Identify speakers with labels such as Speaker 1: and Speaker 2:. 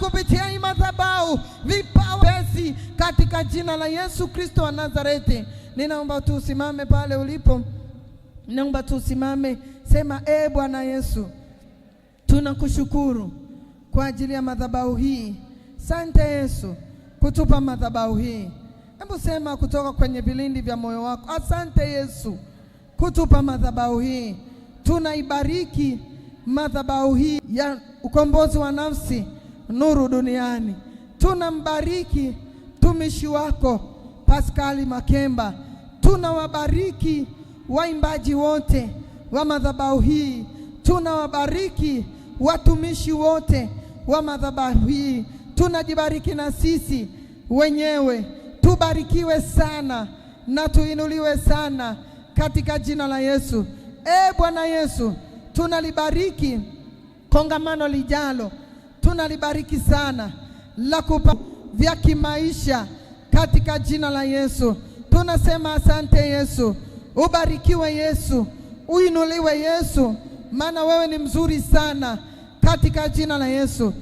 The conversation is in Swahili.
Speaker 1: kupitia hii madhabahu vipawa pesi katika jina la Yesu Kristo wa Nazareti. Ninaomba tu usimame pale ulipo, ninaomba tu usimame, sema e Bwana Yesu, tunakushukuru kwa ajili ya madhabahu hii. Sante Yesu kutupa madhabahu hii. Hebu sema kutoka kwenye vilindi vya moyo wako, asante Yesu kutupa madhabahu hii. Tunaibariki madhabahu hii ya ukombozi wa nafsi. Nuru Duniani. Tunambariki mtumishi wako Paskali Makemba, tunawabariki waimbaji wote wa madhabahu hii, tunawabariki watumishi wote wa madhabahu hii, tunajibariki na sisi wenyewe. Tubarikiwe sana na tuinuliwe sana katika jina la Yesu. E Bwana Yesu, tunalibariki kongamano lijalo tunalibariki sana la kupa vya kimaisha katika jina la Yesu. Tunasema asante Yesu, ubarikiwe Yesu, uinuliwe Yesu, maana wewe ni mzuri sana katika jina la Yesu.